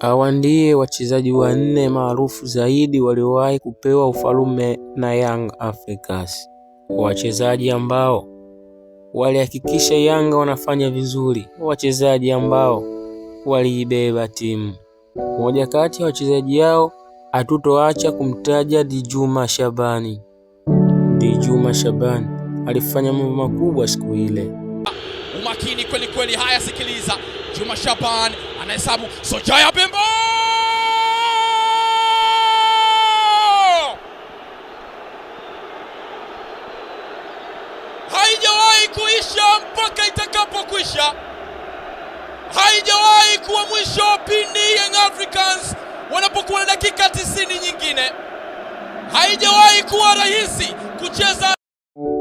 Hawa ndiye wachezaji wanne maarufu zaidi waliowahi kupewa ufalume na Young Africans, wachezaji ambao walihakikisha Yanga wanafanya vizuri, wachezaji ambao waliibeba timu. Mmoja kati ya wachezaji hao hatutoacha kumtaja Djuma Shabani. Djuma Shabani alifanya mambo makubwa siku ile. Umakini kweli kweli. Haya, sikiliza, Djuma Shabani anahesabu Sojaya haikuisha mpaka itakapokwisha. Haijawahi kuwa mwisho pindi Young Africans wanapokuwa na dakika tisini nyingine. Haijawahi kuwa rahisi kucheza.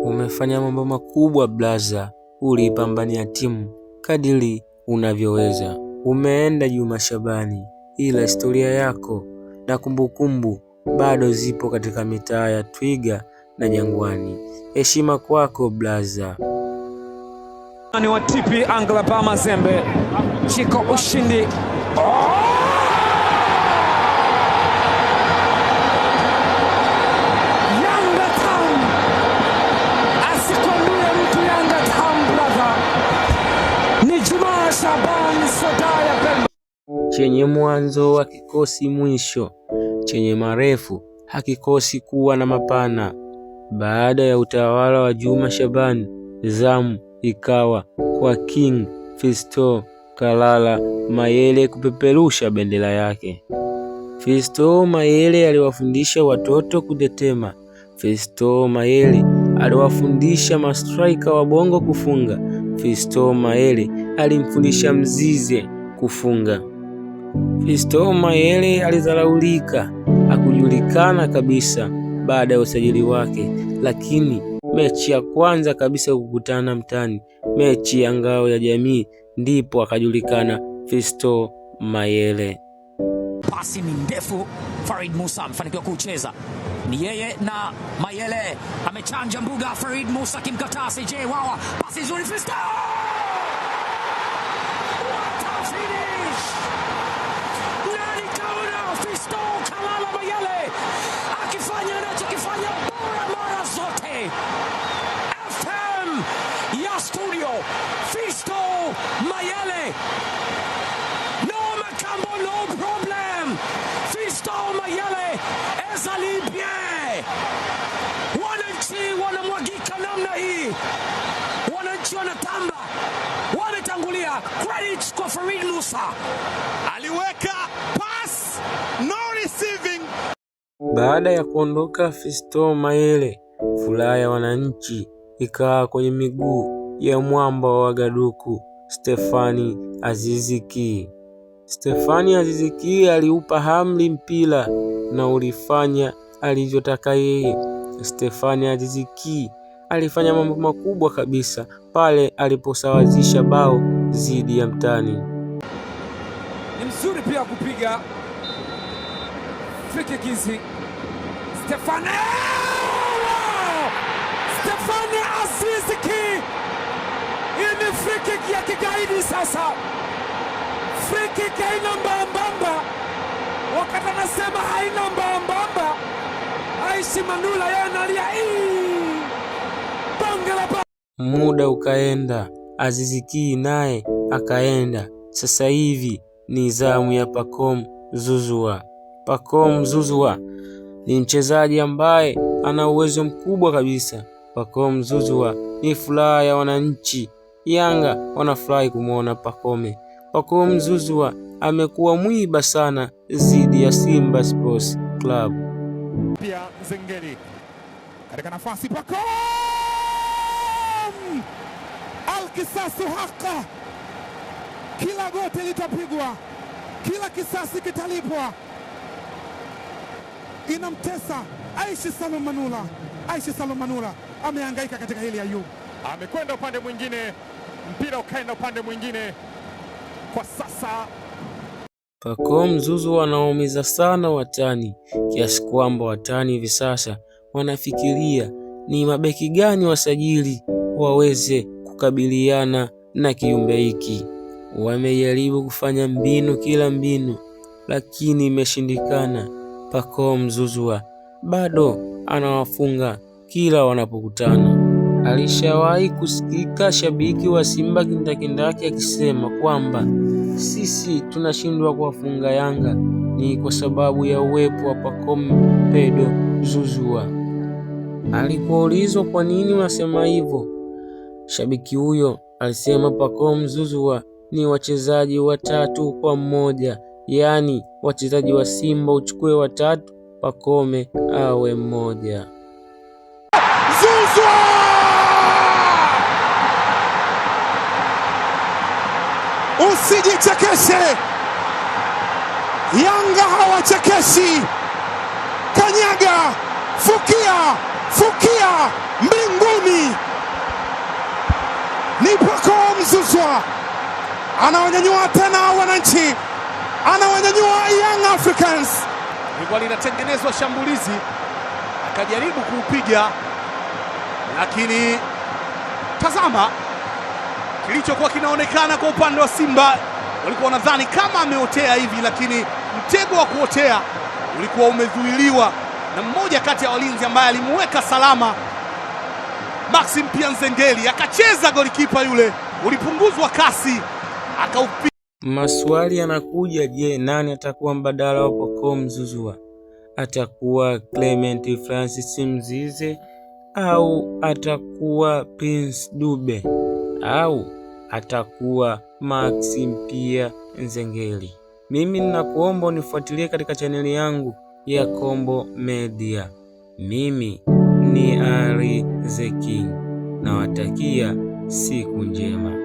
Umefanya mambo makubwa blaza, uliipambania timu kadiri unavyoweza. Umeenda Juma Shabani, ila historia yako na kumbukumbu bado zipo katika mitaa ya Twiga na Jangwani. Heshima kwako blaza ni wa TP Anglapa Mazembe Chiko ushindi oh! Chenye mwanzo kikosi mwisho, chenye marefu hakikosi kuwa na mapana. Baada ya utawala wa Juma Shabani, zamu ikawa kwa King Fisto Kalala Mayele kupeperusha bendera yake. Fisto Mayele aliwafundisha watoto kudetema. Fisto Mayele aliwafundisha mastraika wa bongo kufunga. Fisto Mayele alimfundisha Mzize kufunga. Fisto Mayele alizalaulika, hakujulikana kabisa baada ya usajili wake, lakini mechi ya kwanza kabisa kukutana mtaani, mechi ya ngao ya jamii, ndipo akajulikana Fisto Mayele. Pasi ni ndefu, Farid Musa amefanikiwa kucheza, ni yeye na Mayele amechanja mbuga. Farid Musa kimkataa CJ Wawa, pasi nzuri Fisto No Makambo, no problem. Fiston Mayele, ezali bien. Wananchi wanamwagika namna hii, wananchi wanatamba, wametangulia. Credit kwa Farid Musa, aliweka pass, no receiving. Baada ya kuondoka Fiston Mayele, furaha ya wananchi ikaa kwenye miguu ya mwamba wa gaduku Stefani Aziziki. Stefani Aziziki aliupa Hamli mpira na ulifanya alivyotaka yeye. Stefani Aziziki alifanya mambo makubwa kabisa pale aliposawazisha bao dhidi ya mtani. Ni mzuri pia kupiga free kizi. Stefani Stefani Aziziki frikiki ya kigaidi sasa, frikiki haina mbamba, Wakati anasema haina mbamba, Aishi Manula yeye analia bonge la ba. Muda ukaenda, Azizikii naye akaenda. Sasa hivi ni zamu ya pakom zuzua pakom zuzua ni mchezaji ambaye ana uwezo mkubwa kabisa. pakom zuzua ni furaha ya wananchi Yanga wanafurahi kumwona Pacome. Pacome Zouzoua amekuwa mwiba sana dhidi ya Simba Sports Club. Pia Zengeli katika nafasi Pacome, alkisasu haka, kila goti litapigwa, kila kisasi kitalipwa. Inamtesa Aishi Salum Manula. Aishi Salum Manula ameangaika katika hili. yu amekwenda upande mwingine mpira ukaenda upande mwingine. Kwa sasa Pako Mzuzu wanaumiza sana watani kiasi kwamba watani hivi sasa wanafikiria ni mabeki gani wasajili waweze kukabiliana na kiumbe hiki. Wamejaribu kufanya mbinu kila mbinu, lakini imeshindikana. Pako Mzuzu bado anawafunga kila wanapokutana. Alishawahi kusikika shabiki wa Simba kindakindaki akisema kwamba sisi tunashindwa kuwafunga Yanga ni kwa sababu ya uwepo wa Pacome Pedro Zuzua. Alipoulizwa kwa nini unasema hivyo, shabiki huyo alisema Pacome Zuzua ni wachezaji watatu kwa mmoja, yaani wachezaji wa Simba uchukue watatu, Pacome awe mmoja Zuzua! wajichekeshe. Yanga hawachekeshi. Kanyaga, fukia, fukia mbinguni. Ni Pacome mzuzwa anawanyanyua tena wananchi, anawanyanyua Young Africans. Ilikuwa linatengenezwa shambulizi, akajaribu kuupiga, lakini tazama kilichokuwa kinaonekana kwa upande wa Simba walikuwa wanadhani kama ameotea hivi, lakini mtego wa kuotea ulikuwa umezuiliwa na mmoja kati ya walinzi ambaye alimuweka salama Maxim Pianzengeli, akacheza golikipa yule, ulipunguzwa kasi akaupi. Maswali yanakuja, je, nani atakuwa mbadala wa Pacome Zouzoua? Atakuwa Clement Francis Mzize au atakuwa Prince Dube au atakuwa Maxim pia Nzengeli. Mimi ninakuomba unifuatilie katika chaneli yangu ya Kombo Media. Mimi ni Ari Zeki, nawatakia siku njema.